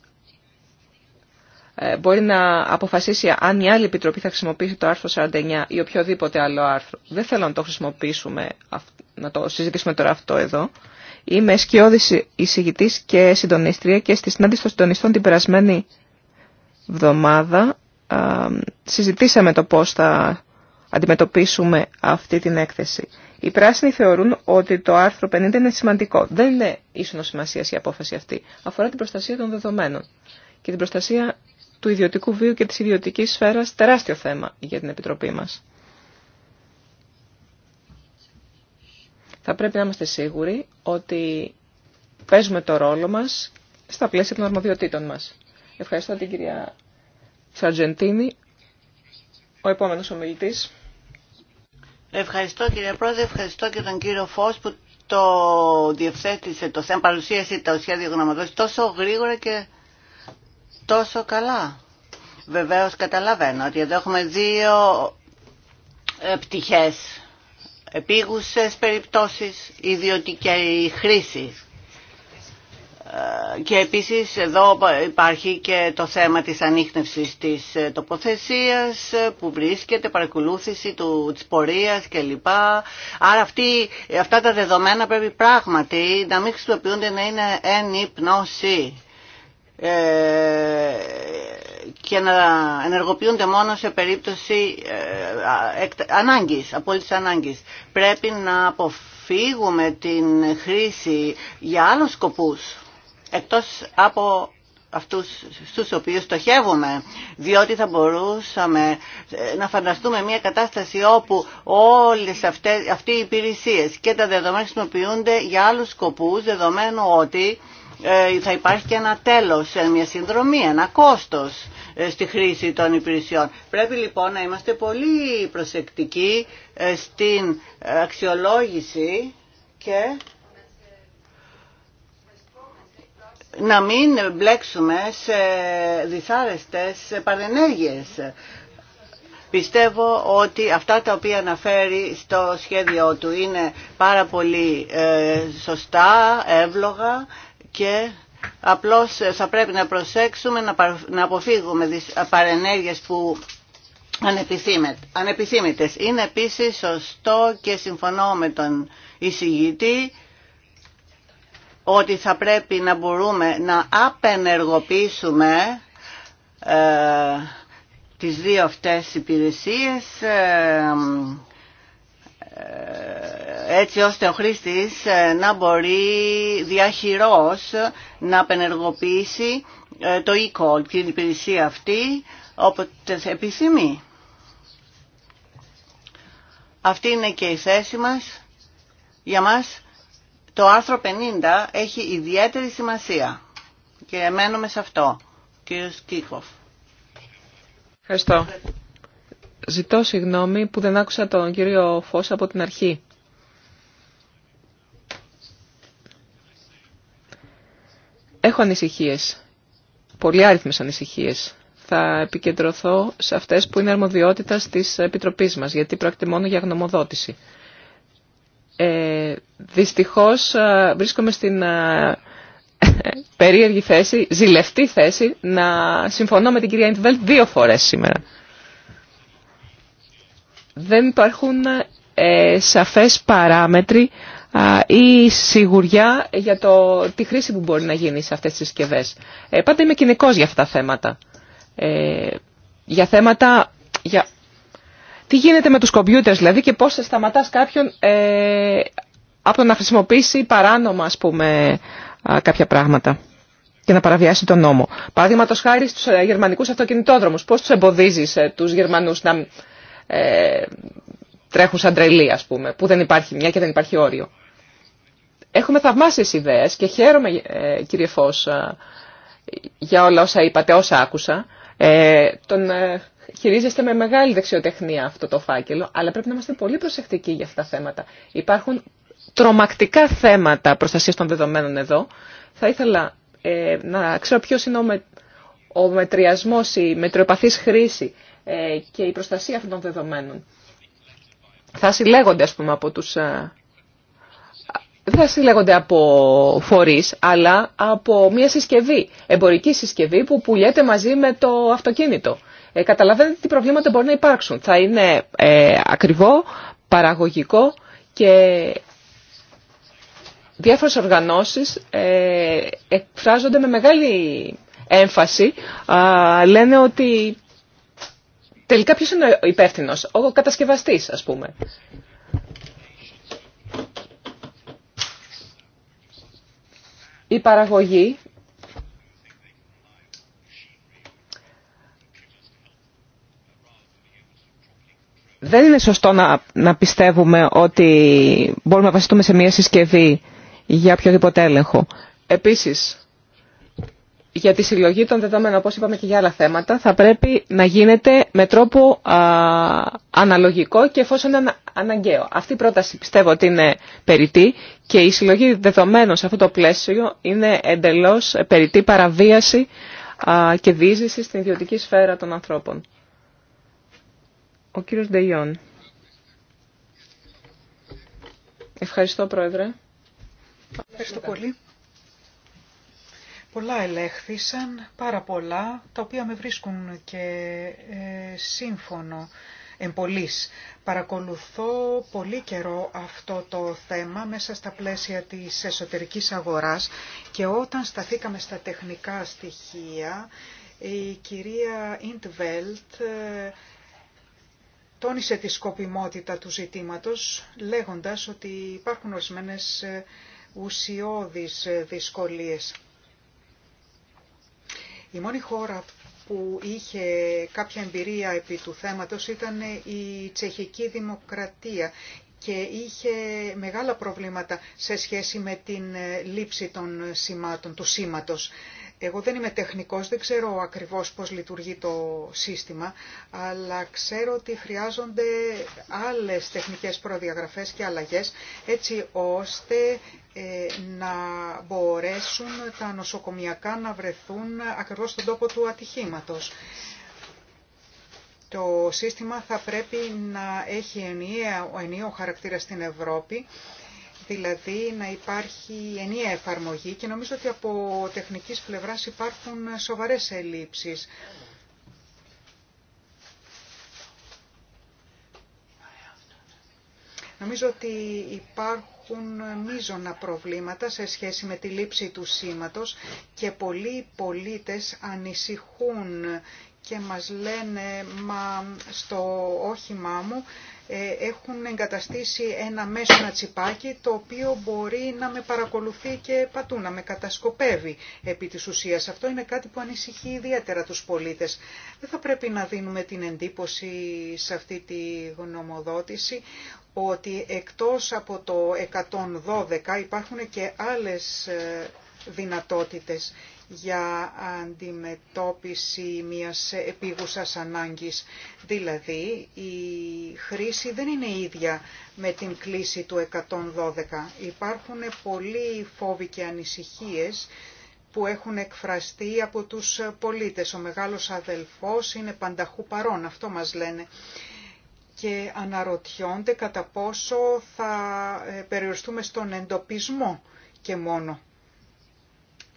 Speaker 3: ε, μπορεί να αποφασίσει αν η άλλη επιτροπή θα χρησιμοποιήσει το άρθρο 49 ή οποιοδήποτε άλλο άρθρο. Δεν θέλω να το χρησιμοποιήσουμε, να το συζητήσουμε τώρα αυτό εδώ. Είμαι σκιώδη εισηγητή και συντονίστρια και στη συνάντηση των συντονιστών την περασμένη εβδομάδα συζητήσαμε το πώς θα αντιμετωπίσουμε αυτή την έκθεση. Οι πράσινοι θεωρούν ότι το άρθρο 50 είναι σημαντικό. Δεν είναι ίσονο σημασία η απόφαση αυτή. Αφορά την προστασία των δεδομένων και την προστασία του ιδιωτικού βίου και της ιδιωτικής σφαίρας τεράστιο θέμα για την Επιτροπή μας. Θα πρέπει να είμαστε σίγουροι ότι παίζουμε το ρόλο μας στα πλαίσια των αρμοδιοτήτων μας. Ευχαριστώ την κυρία Σαρτζεντίνη. Ο επόμενος ομιλητής.
Speaker 1: Ευχαριστώ κύριε Πρόεδρε, ευχαριστώ και τον κύριο Φως που το διευθέτησε το θέμα, παρουσίασε το σχέδιο γνωματός τόσο γρήγορα και τόσο καλά. Βεβαίως καταλαβαίνω ότι εδώ έχουμε δύο ε, πτυχές. Επίγουσες περιπτώσεις, ιδιωτική χρήση. Ε, και επίσης εδώ υπάρχει και το θέμα της ανείχνευσης της ε, τοποθεσίας που βρίσκεται, παρακολούθηση του, της πορείας κλπ. Άρα αυτή, αυτά τα δεδομένα πρέπει πράγματι να μην χρησιμοποιούνται να είναι εν υπνώση. Ε, και να ενεργοποιούνται μόνο σε περίπτωση ε, ανάγκης, απόλυτης ανάγκης. Πρέπει να αποφύγουμε την χρήση για άλλους σκοπούς, εκτός από αυτούς στους οποίους στοχεύουμε, διότι θα μπορούσαμε ε, να φανταστούμε μια κατάσταση όπου όλες αυτές, οι υπηρεσίες και τα δεδομένα χρησιμοποιούνται για άλλους σκοπούς, δεδομένου ότι ε, θα υπάρχει και ένα τέλος, ε, μια συνδρομή, ένα κόστος ε, στη χρήση των υπηρεσιών. Πρέπει λοιπόν να είμαστε πολύ προσεκτικοί στην αξιολόγηση και να μην μπλέξουμε σε δυσάρεστες παρενέργειες. Πιστεύω ότι αυτά τα οποία αναφέρει στο σχέδιό του είναι πάρα πολύ σωστά, εύλογα και απλώς θα πρέπει να προσέξουμε να αποφύγουμε τις παρενέργειες που ανεπιθύμητες. Είναι επίσης σωστό και συμφωνώ με τον εισηγητή ότι θα πρέπει να μπορούμε να απενεργοποιήσουμε ε, τις δύο αυτές υπηρεσίες ε, έτσι ώστε ο χρήστης ε, να μπορεί διαχειρός να απενεργοποιήσει ε, το e-call, την υπηρεσία αυτή, όποτε επιθυμεί. Αυτή είναι και η θέση μας. Για μας το άρθρο 50 έχει ιδιαίτερη σημασία και μένουμε σε αυτό. Κύριος Κίκοφ.
Speaker 3: Ευχαριστώ. Ζητώ συγγνώμη που δεν άκουσα τον κύριο Φως από την αρχή. Έχω ανησυχίες, πολύ άριθμες ανησυχίες. Θα επικεντρωθώ σε αυτές που είναι αρμοδιότητα της Επιτροπής μας, γιατί πρόκειται μόνο για γνωμοδότηση. Ε, δυστυχώς ε, βρίσκομαι στην ε, περίεργη θέση, ζηλευτή θέση, να συμφωνώ με την κυρία Ιντβέλτ δύο φορές σήμερα δεν υπάρχουν ε, σαφές παράμετροι ή σιγουριά για το, τη χρήση που μπορεί να γίνει σε αυτές τις συσκευέ. Ε, πάντα είμαι κοινικός για αυτά τα θέματα. Ε, για θέματα... Για... Τι γίνεται με τους κομπιούτερς δηλαδή και πώς σταματάς κάποιον ε, από να χρησιμοποιήσει παράνομα ας πούμε κάποια πράγματα και να παραβιάσει τον νόμο. Παραδείγματο χάρη στους ε, γερμανικούς αυτοκινητόδρομους, πώς τους εμποδίζεις ε, τους Γερμανούς να ε, τρέχουν σαν τρελή ας πούμε, που δεν υπάρχει μια και δεν υπάρχει όριο. Έχουμε θαυμάσει ιδέες και χαίρομαι, ε, κύριε Φως, ε, για όλα όσα είπατε, όσα άκουσα. Ε, τον ε, χειρίζεστε με μεγάλη δεξιοτεχνία αυτό το φάκελο, αλλά πρέπει να είμαστε πολύ προσεκτικοί για αυτά τα θέματα. Υπάρχουν τρομακτικά θέματα προστασία των δεδομένων εδώ. Θα ήθελα να ξέρω ποιος είναι ο, με, η μετριοπαθής χρήση ε, και η προστασία αυτών των δεδομένων. Θα συλλέγονται, ας πούμε, από τους... Ε, δεν θα συλλέγονται από φορείς, αλλά από μια συσκευή, εμπορική συσκευή που πουλιέται μαζί με το αυτοκίνητο. Ε, καταλαβαίνετε τι προβλήματα μπορεί να υπάρξουν. Θα είναι ε, ακριβό, παραγωγικό και διάφορες οργανώσεις ε, εκφράζονται με μεγάλη έμφαση. λένε ότι Τελικά ποιος είναι ο υπεύθυνος, ο κατασκευαστής ας πούμε. Η παραγωγή δεν είναι σωστό να, πιστεύουμε ότι μπορούμε να βασιστούμε σε μια συσκευή για οποιοδήποτε έλεγχο. Επίσης, για τη συλλογή των δεδομένων, όπως είπαμε και για άλλα θέματα, θα πρέπει να γίνεται με τρόπο αναλογικό και εφόσον είναι αναγκαίο. Αυτή η πρόταση πιστεύω ότι είναι περιττή και η συλλογή δεδομένων σε αυτό το πλαίσιο είναι εντελώς περιττή παραβίαση και δίζηση στην ιδιωτική σφαίρα των ανθρώπων. Ο κύριος Ντεϊόν. Ευχαριστώ, Πρόεδρε.
Speaker 2: Ευχαριστώ πολύ. Πολλά ελέγχθησαν, πάρα πολλά, τα οποία με βρίσκουν και ε, σύμφωνο εμπολής. Παρακολουθώ πολύ καιρό αυτό το θέμα μέσα στα πλαίσια της εσωτερικής αγοράς και όταν σταθήκαμε στα τεχνικά στοιχεία, η κυρία Ιντβέλτ ε, τόνισε τη σκοπιμότητα του ζητήματος λέγοντας ότι υπάρχουν ορισμένες ε, ουσιώδεις δυσκολίες. Η μόνη χώρα που είχε κάποια εμπειρία επί του θέματος ήταν η τσεχική δημοκρατία και είχε μεγάλα προβλήματα σε σχέση με την λήψη των σημάτων, του σήματος. Εγώ δεν είμαι τεχνικός, δεν ξέρω ακριβώς πώς λειτουργεί το σύστημα, αλλά ξέρω ότι χρειάζονται άλλες τεχνικές προδιαγραφές και αλλαγές, έτσι ώστε ε, να μπορέσουν τα νοσοκομιακά να βρεθούν ακριβώς στον τόπο του ατυχήματος. Το σύστημα θα πρέπει να έχει ενιαίο χαρακτήρα στην Ευρώπη δηλαδή να υπάρχει ενιαία εφαρμογή και νομίζω ότι από τεχνικής πλευράς υπάρχουν σοβαρές ελλείψεις. Νομίζω ότι υπάρχουν μείζωνα προβλήματα σε σχέση με τη λήψη του σήματος και πολλοί πολίτες ανησυχούν και μας λένε «Μα στο όχημά μου ε, έχουν εγκαταστήσει ένα μέσο να τσιπάκι το οποίο μπορεί να με παρακολουθεί και πατού, να με κατασκοπεύει επί της ουσίας. Αυτό είναι κάτι που ανησυχεί ιδιαίτερα τους πολίτες. Δεν θα πρέπει να δίνουμε την εντύπωση σε αυτή τη γνωμοδότηση ότι εκτός από το 112 υπάρχουν και άλλες ε, δυνατότητες για αντιμετώπιση μιας επίγουσας ανάγκης. Δηλαδή, η χρήση δεν είναι ίδια με την κλίση του 112. Υπάρχουν πολλοί φόβοι και ανησυχίες που έχουν εκφραστεί από τους πολίτες. Ο μεγάλος αδελφός είναι πανταχού παρόν, αυτό μας λένε. Και αναρωτιόνται κατά πόσο θα ε, περιοριστούμε στον εντοπισμό και μόνο.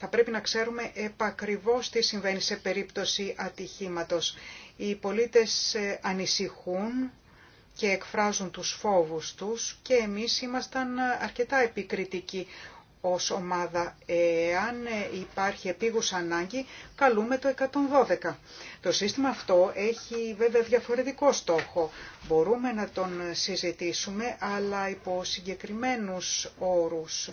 Speaker 2: Θα πρέπει να ξέρουμε επακριβώς τι συμβαίνει σε περίπτωση ατυχήματος. Οι πολίτες ε, ανησυχούν και εκφράζουν τους φόβους τους και εμείς ήμασταν ε, αρκετά επικριτικοί ως ομάδα. Εάν ε, υπάρχει επίγουσα ανάγκη, καλούμε το 112. Το σύστημα αυτό έχει βέβαια διαφορετικό στόχο. Μπορούμε να τον συζητήσουμε, αλλά υπό συγκεκριμένους όρους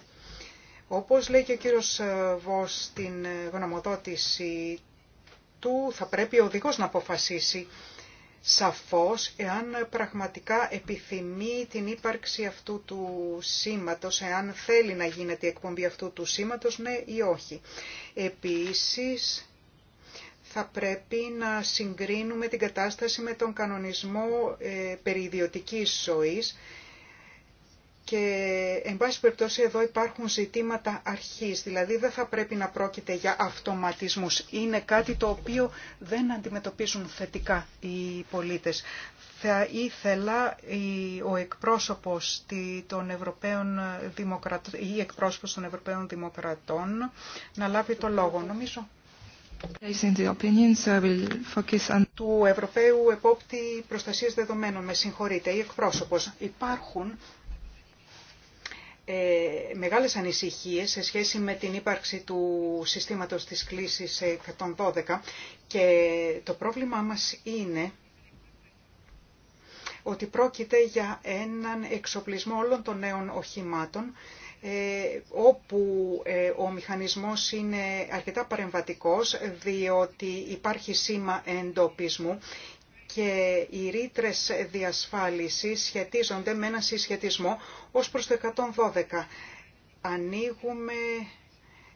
Speaker 2: όπως λέει και ο κύριος ε, Βος στην ε, γνωμοδότηση του, θα πρέπει ο οδηγός να αποφασίσει σαφώς εάν πραγματικά επιθυμεί την ύπαρξη αυτού του σήματος, εάν θέλει να γίνεται η εκπομπή αυτού του σήματος, ναι ή όχι. Επίσης, θα πρέπει να συγκρίνουμε την κατάσταση με τον κανονισμό ε, περί ζωής και, εν πάση περιπτώσει, εδώ υπάρχουν ζητήματα αρχής, δηλαδή δεν θα πρέπει να πρόκειται για αυτοματισμούς. Είναι κάτι το οποίο δεν αντιμετωπίζουν θετικά οι πολίτες. Θα ήθελα ο εκπρόσωπος των Ευρωπαίων Δημοκρατών, ή εκπρόσωπος των Ευρωπαίων Δημοκρατών να λάβει το λόγο, νομίζω. Του Ευρωπαίου Επόπτη Προστασίας Δεδομένων, με συγχωρείτε, ή εκπρόσωπος. Υπάρχουν ε, μεγάλες ανησυχίες σε σχέση με την ύπαρξη του συστήματος της κλίσης 112 και το πρόβλημά μας είναι ότι πρόκειται για έναν εξοπλισμό όλων των νέων οχημάτων ε, όπου ε, ο μηχανισμός είναι αρκετά παρεμβατικός διότι υπάρχει σήμα εντοπισμού και οι ρήτρε διασφάλισης σχετίζονται με ένα συσχετισμό ως προς το 112. Ανοίγουμε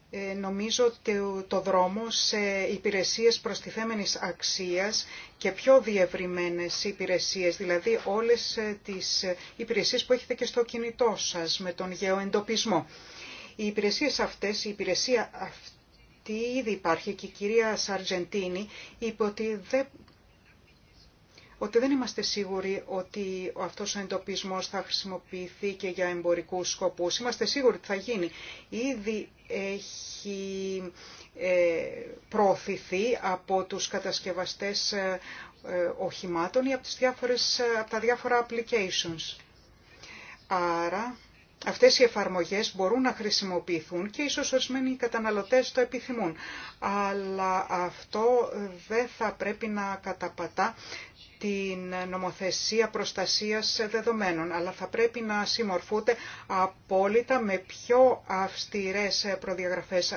Speaker 2: ε, νομίζω το δρόμο σε υπηρεσίες προστιθέμενης αξίας και πιο διευρυμένες υπηρεσίες, δηλαδή όλες ε, τις υπηρεσίες που έχετε και στο κινητό σας με τον γεωεντοπισμό. Οι υπηρεσίες αυτές, η υπηρεσία αυτή ήδη υπάρχει και η κυρία Σαρτζεντίνη είπε ότι ότι δεν είμαστε σίγουροι ότι αυτός ο εντοπισμός θα χρησιμοποιηθεί και για εμπορικούς σκοπούς. Είμαστε σίγουροι ότι θα γίνει. Ήδη έχει ε, προωθηθεί από τους κατασκευαστές ε, ε, οχημάτων ή από, τις διάφορες, από τα διάφορα applications. Άρα αυτές οι εφαρμογές μπορούν να χρησιμοποιηθούν και ίσως ορισμένοι καταναλωτές το επιθυμούν. Αλλά αυτό δεν θα πρέπει να καταπατά την νομοθεσία προστασίας δεδομένων, αλλά θα πρέπει να συμμορφούνται απόλυτα με πιο αυστηρές προδιαγραφές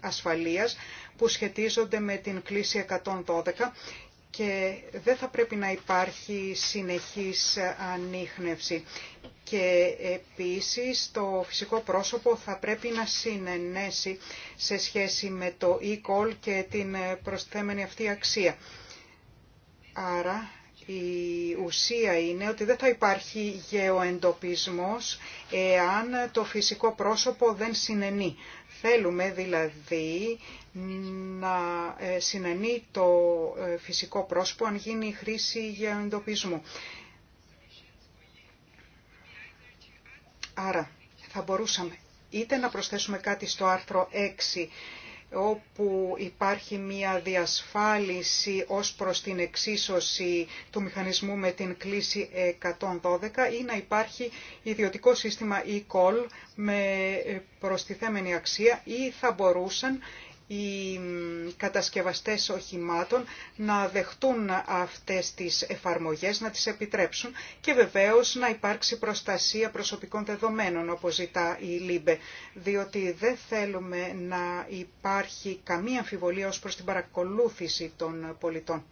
Speaker 2: ασφαλείας που σχετίζονται με την κλίση 112 και δεν θα πρέπει να υπάρχει συνεχής ανείχνευση. Και επίσης το φυσικό πρόσωπο θα πρέπει να συνενέσει σε σχέση με το e-call και την προσθέμενη αυτή αξία. Άρα η ουσία είναι ότι δεν θα υπάρχει γεωεντοπισμός εάν το φυσικό πρόσωπο δεν συνενεί. Θέλουμε δηλαδή να ε, συνενεί το ε, φυσικό πρόσωπο αν γίνει χρήση γεωεντοπισμού. Άρα θα μπορούσαμε είτε να προσθέσουμε κάτι στο άρθρο 6 όπου υπάρχει μια διασφάλιση ως προς την εξίσωση του μηχανισμού με την κλίση 112 ή να υπάρχει ιδιωτικό σύστημα e-call με προστιθέμενη αξία ή θα μπορούσαν οι κατασκευαστές οχημάτων να δεχτούν αυτές τις εφαρμογές, να τις επιτρέψουν και βεβαίως να υπάρξει προστασία προσωπικών δεδομένων όπως ζητά η ΛΥΜΠΕ, διότι δεν θέλουμε να υπάρχει καμία αμφιβολία ως προς την παρακολούθηση των πολιτών.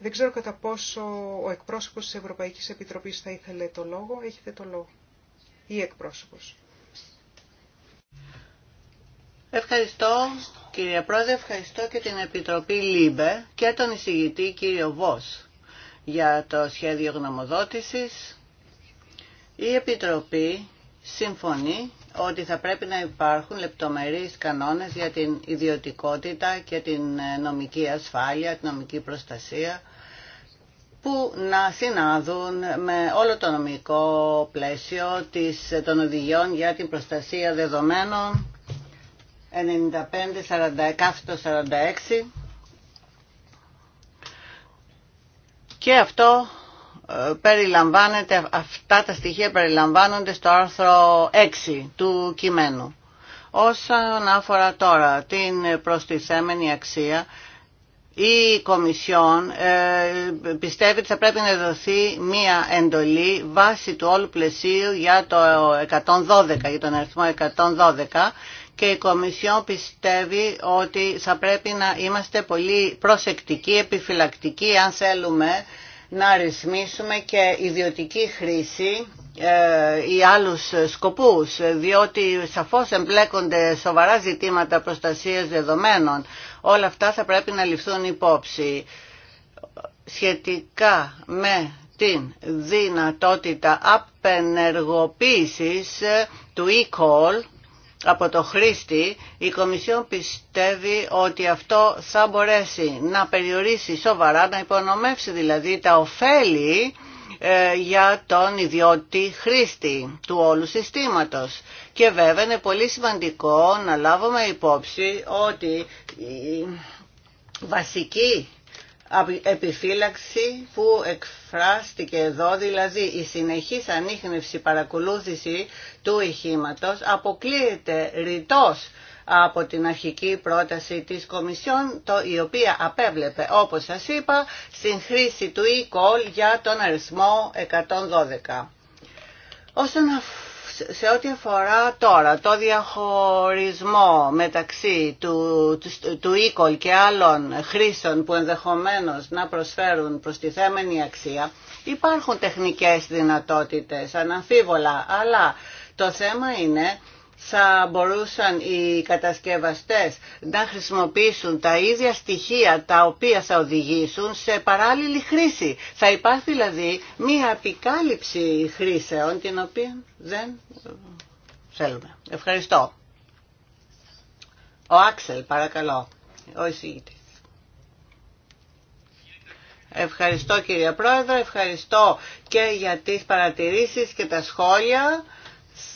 Speaker 2: Δεν ξέρω κατά πόσο ο εκπρόσωπος της Ευρωπαϊκής Επιτροπής θα ήθελε το λόγο. Έχετε το λόγο. Ή εκπρόσωπος.
Speaker 1: Ευχαριστώ κύριε Πρόεδρε, ευχαριστώ και την Επιτροπή ΛΥΜΠΕ και τον εισηγητή κύριο Βος για το σχέδιο γνωμοδότησης. Η Επιτροπή συμφωνεί ότι θα πρέπει να υπάρχουν λεπτομερείς κανόνες για την ιδιωτικότητα και την ε, νομική ασφάλεια, την νομική προστασία που να συνάδουν με όλο το νομικό πλαίσιο των οδηγιών για την προστασία δεδομένων 95-46 και αυτό ε, περιλαμβάνεται, αυτά τα στοιχεία περιλαμβάνονται στο άρθρο 6 του κειμένου. Όσον αφορά τώρα την προστιθέμενη αξία, η Κομισιόν ε, πιστεύει ότι θα πρέπει να δοθεί μία εντολή βάσει του όλου πλαισίου για το 112, για τον αριθμό 112 και η Κομισιόν πιστεύει ότι θα πρέπει να είμαστε πολύ προσεκτικοί, επιφυλακτικοί αν θέλουμε να ρυθμίσουμε και ιδιωτική χρήση ε, ή άλλους σκοπούς, διότι σαφώς εμπλέκονται σοβαρά ζητήματα προστασίας δεδομένων. Όλα αυτά θα πρέπει να ληφθούν υπόψη σχετικά με την δυνατότητα απενεργοποίησης του e-call από το χρήστη, η Κομισιόν πιστεύει ότι αυτό θα μπορέσει να περιορίσει σοβαρά, να υπονομεύσει δηλαδή τα ωφέλη ε, για τον ιδιώτη χρήστη του όλου συστήματος. Και βέβαια είναι πολύ σημαντικό να λάβουμε υπόψη ότι η βασική επιφύλαξη που εκφράστηκε εδώ, δηλαδή η συνεχής ανείχνευση παρακολούθηση του ηχήματος αποκλείεται ρητός από την αρχική πρόταση της Κομισιόν, το, η οποία απέβλεπε, όπως σας είπα, στην χρήση του e-call για τον αριθμό 112. Όσον σε ό,τι αφορά τώρα το διαχωρισμό μεταξύ του, του, και άλλων χρήσεων που ενδεχομένως να προσφέρουν τη θέμενη αξία, υπάρχουν τεχνικές δυνατότητες, αναμφίβολα, αλλά το θέμα είναι θα μπορούσαν οι κατασκευαστές να χρησιμοποιήσουν τα ίδια στοιχεία τα οποία θα οδηγήσουν σε παράλληλη χρήση. Θα υπάρχει δηλαδή μία επικάλυψη χρήσεων την οποία δεν ε, θέλουμε. Ευχαριστώ. Ο Άξελ παρακαλώ, ο εισηγητής. Ευχαριστώ κυρία Πρόεδρε, ευχαριστώ και για τις παρατηρήσεις και τα σχόλια.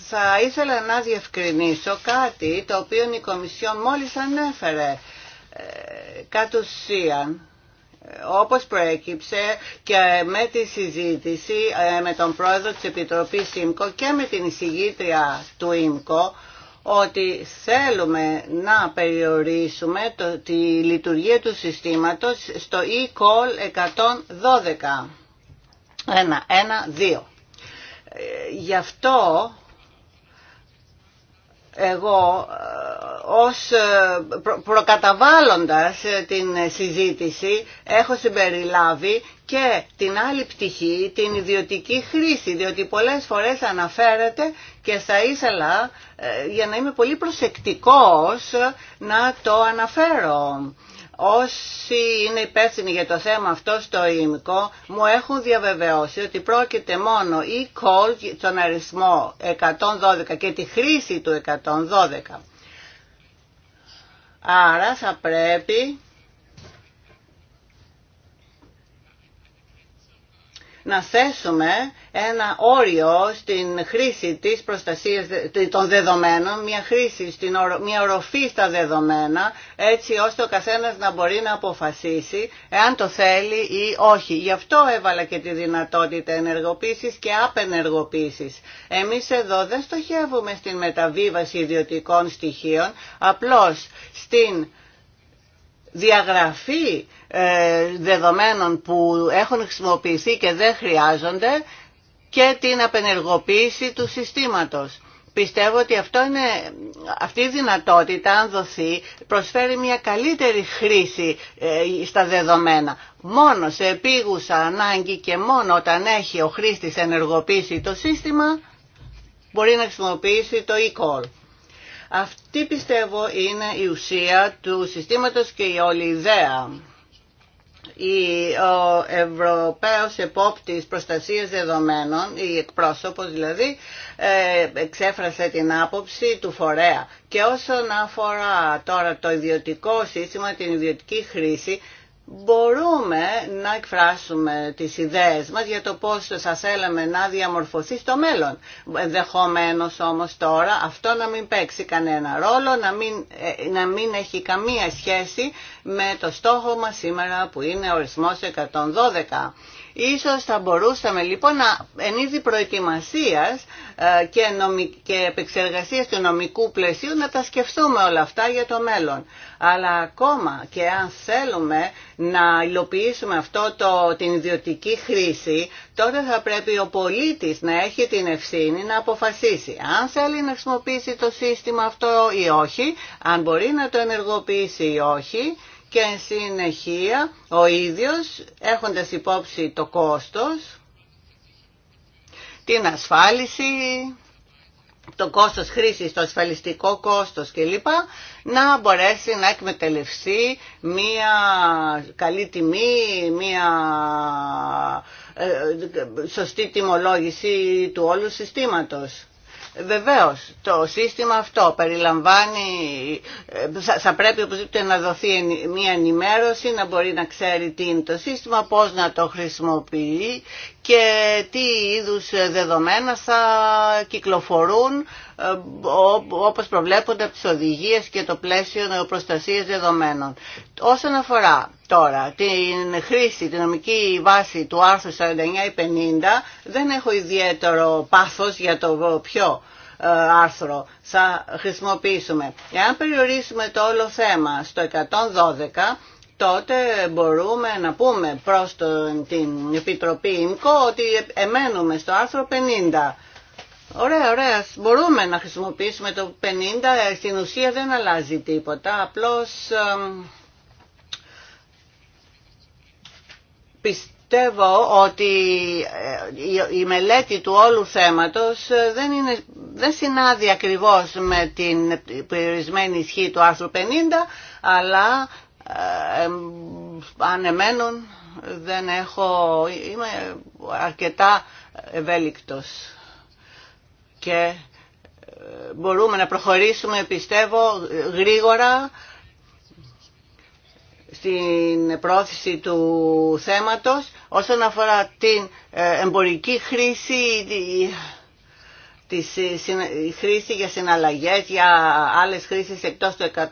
Speaker 1: Θα ήθελα να διευκρινίσω κάτι το οποίο η Κομισιόν μόλις ανέφερε. Ε, κατ' ουσίαν, ε, όπως προέκυψε και με τη συζήτηση ε, με τον πρόεδρο της Επιτροπής ΙΜΚΟ και με την εισηγήτρια του ΙΜΚΟ, ότι θέλουμε να περιορίσουμε το, τη λειτουργία του συστήματος στο e-call 112. 1, 1, 2. Γι' αυτό εγώ ε, ως ε, προκαταβάλλοντας ε, την συζήτηση έχω συμπεριλάβει και την άλλη πτυχή, την ιδιωτική χρήση, διότι πολλές φορές αναφέρεται και θα ήθελα, για να είμαι πολύ προσεκτικός, να το αναφέρω. Όσοι είναι υπεύθυνοι για το θέμα αυτό στο ΙΜΚΟ μου έχουν διαβεβαιώσει ότι πρόκειται μόνο η call τον αριθμό 112 και τη χρήση του 112. Άρα θα πρέπει να θέσουμε ένα όριο στην χρήση της προστασίας των δεδομένων, μια χρήση, στην μια οροφή στα δεδομένα, έτσι ώστε ο καθένας να μπορεί να αποφασίσει εάν το θέλει ή όχι. Γι' αυτό έβαλα και τη δυνατότητα ενεργοποίησης και απενεργοποίησης. Εμείς εδώ δεν στοχεύουμε στην μεταβίβαση ιδιωτικών στοιχείων, απλώς στην διαγραφή ε, δεδομένων που έχουν χρησιμοποιηθεί και δεν χρειάζονται και την απενεργοποίηση του συστήματος. Πιστεύω ότι αυτό είναι, αυτή η δυνατότητα, αν δοθεί, προσφέρει μια καλύτερη χρήση ε, στα δεδομένα. Μόνο σε επίγουσα ανάγκη και μόνο όταν έχει ο χρήστης ενεργοποιήσει το σύστημα, μπορεί να χρησιμοποιήσει το e-call. Αυτή πιστεύω είναι η ουσία του συστήματος και η όλη ιδέα ο Ευρωπαίος Επόπτης Προστασίας Δεδομένων, η εκπρόσωπος δηλαδή, ε, εξέφρασε την άποψη του φορέα. Και όσον αφορά τώρα το ιδιωτικό σύστημα, την ιδιωτική χρήση, μπορούμε να εκφράσουμε τις ιδέες μας για το πώς θα θέλαμε να διαμορφωθεί στο μέλλον. Ενδεχομένω όμως τώρα αυτό να μην παίξει κανένα ρόλο, να μην, ε, να μην έχει καμία σχέση με το στόχο μας σήμερα που είναι ορισμός 112. Ίσως θα μπορούσαμε λοιπόν να εν είδη προετοιμασίας ε, και, νομι... επεξεργασίας του νομικού πλαισίου να τα σκεφτούμε όλα αυτά για το μέλλον. Αλλά ακόμα και αν θέλουμε να υλοποιήσουμε αυτό το, την ιδιωτική χρήση, τότε θα πρέπει ο πολίτης να έχει την ευθύνη να αποφασίσει αν θέλει να χρησιμοποιήσει το σύστημα αυτό ή όχι, αν μπορεί να το ενεργοποιήσει ή όχι και εν συνεχεία ο ίδιος έχοντας υπόψη το κόστος, την ασφάλιση, το κόστος χρήσης, το ασφαλιστικό κόστος κλπ. να μπορέσει να εκμετελευσεί μία καλή τιμή, μία ε, σωστή τιμολόγηση του όλου συστήματος. Βεβαίως, το σύστημα αυτό περιλαμβάνει, θα πρέπει οπωσδήποτε να δοθεί μια ενημέρωση, να μπορεί να ξέρει τι είναι το σύστημα, πώς να το χρησιμοποιεί και τι είδους δεδομένα θα κυκλοφορούν ε, όπως προβλέπονται από τις οδηγίες και το πλαίσιο προστασίας δεδομένων. Όσον αφορά Τώρα, την χρήση, την νομική βάση του άρθρου 49 50 δεν έχω ιδιαίτερο πάθος για το ποιο ε, άρθρο θα χρησιμοποιήσουμε. Εάν περιορίσουμε το όλο θέμα στο 112, τότε μπορούμε να πούμε προς την Επιτροπή ΙΜΚΟ ότι εμένουμε στο άρθρο 50. Ωραία, ωραία. Μπορούμε να χρησιμοποιήσουμε το 50. Στην ουσία δεν αλλάζει τίποτα. Απλώς ε, πιστεύω ότι ε, η μελέτη του όλου θέματος ε, δεν, είναι, δεν συνάδει ακριβώς με την περιορισμένη ισχύ του άρθρου 50, αλλά αν ε, ανεμένων δεν έχω, είμαι αρκετά ευέλικτος και ε, μπορούμε να προχωρήσουμε πιστεύω γρήγορα στην πρόθεση του θέματος όσον αφορά την ε, εμπορική χρήση τη ε, χρήση για συναλλαγές, για άλλες χρήσεις εκτός του 112,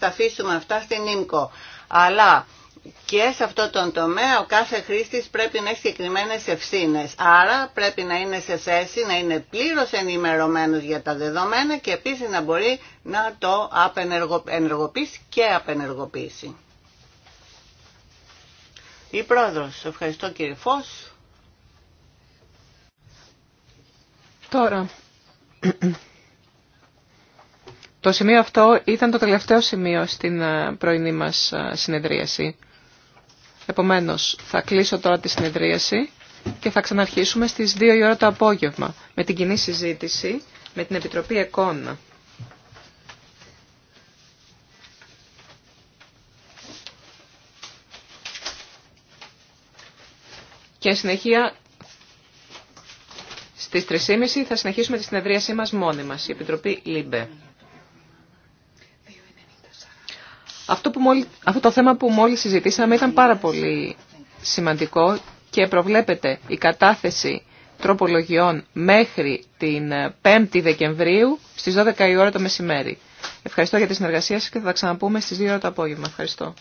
Speaker 1: θα αφήσουμε αυτά στην ΙΜΚΟ. Αλλά και σε αυτό τον τομέα ο κάθε χρήστης πρέπει να έχει συγκεκριμένε ευθύνε. Άρα πρέπει να είναι σε θέση να είναι πλήρως ενημερωμένος για τα δεδομένα και επίσης να μπορεί να το απενεργοποιήσει και απενεργοποιήσει. Η πρόεδρος. Ευχαριστώ κύριε Φως.
Speaker 3: Τώρα, το σημείο αυτό ήταν το τελευταίο σημείο στην ε, πρωινή μας ε, συνεδρίαση. Επομένως, θα κλείσω τώρα τη συνεδρίαση και θα ξαναρχίσουμε στις 2 η ώρα το απόγευμα με την κοινή συζήτηση με την Επιτροπή Εκόνα. Και συνεχεία στις 3.30 θα συνεχίσουμε τη συνεδρίασή μας μόνοι μας, η Επιτροπή ΛΥΜΠΕ. Αυτό, που αυτό το θέμα που μόλις συζητήσαμε ήταν πάρα πολύ σημαντικό και προβλέπεται η κατάθεση τροπολογιών μέχρι την 5η Δεκεμβρίου στις 12 η ώρα το μεσημέρι. Ευχαριστώ για τη συνεργασία σας και θα τα ξαναπούμε στις 2 ώρα το απόγευμα. Ευχαριστώ.